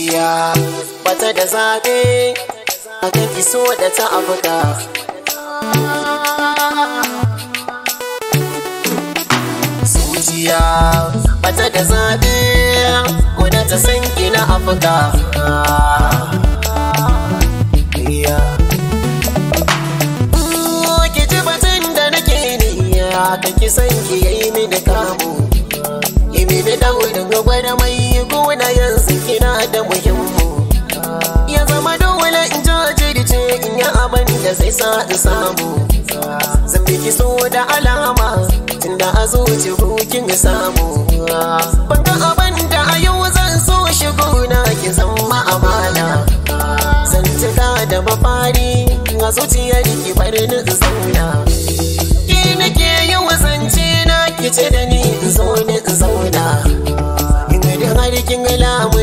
zuciya bata da zaɓe a kan so da ta abuta zuciya bata da zaɓe da ta san na abuka ki ji batun da nake niyya kaki san ki yi mini kamu yi mini daurin sai sa in samu zan biki so da alama tunda a zuci bukin samu ban ga abin da a yau zan so shigo na ki zama amana zan ka da mafari a zuciyar ki bar in zauna ki nake yau zance na ki ce da ni in zo ni zauna in ga da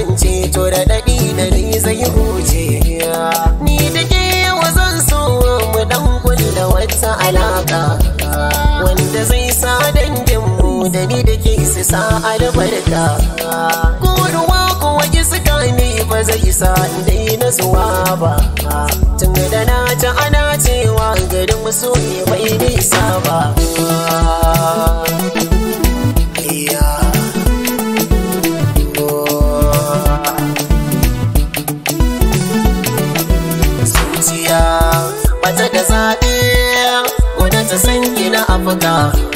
da da ke isa sa albarka ko ruwa ko waje suka ni ba zai sa dai na zuwa ba tun da na ta ana cewa garin musu ne bai nisa ba Zuciya bata da zaɓe, wadda ta san gina afuka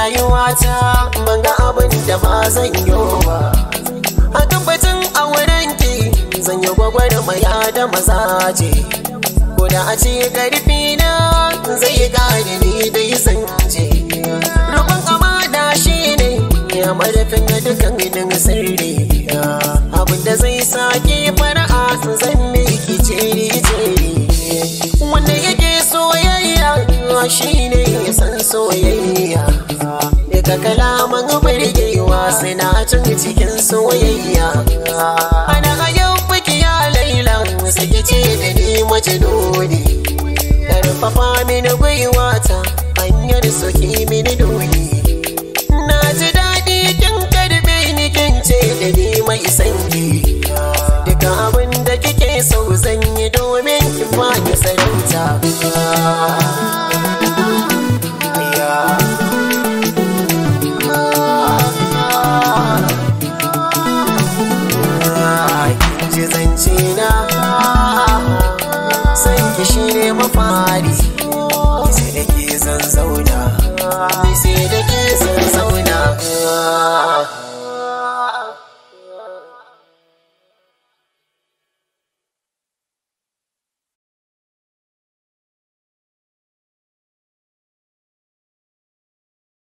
rayuwata ban ga abin da ba zan yi ba a tabbacin a wurinki zan yi ya da mazaje ko da a ce karfi na zai yi gane ni dai zan je rubin da shi ne ya marafin na dukan kowa shine ya san soyayya daga kalaman birgewa suna cin cikin soyayya ana hayan ya laila wasu ce da ni mace dole karfafa mini gwiwa ta hanyar soki mini dole na ji daɗi kin karbe ni kin ce da ni mai sanyi duka abin da kike so zan yi domin kin ba ki sarauta shi ne mafari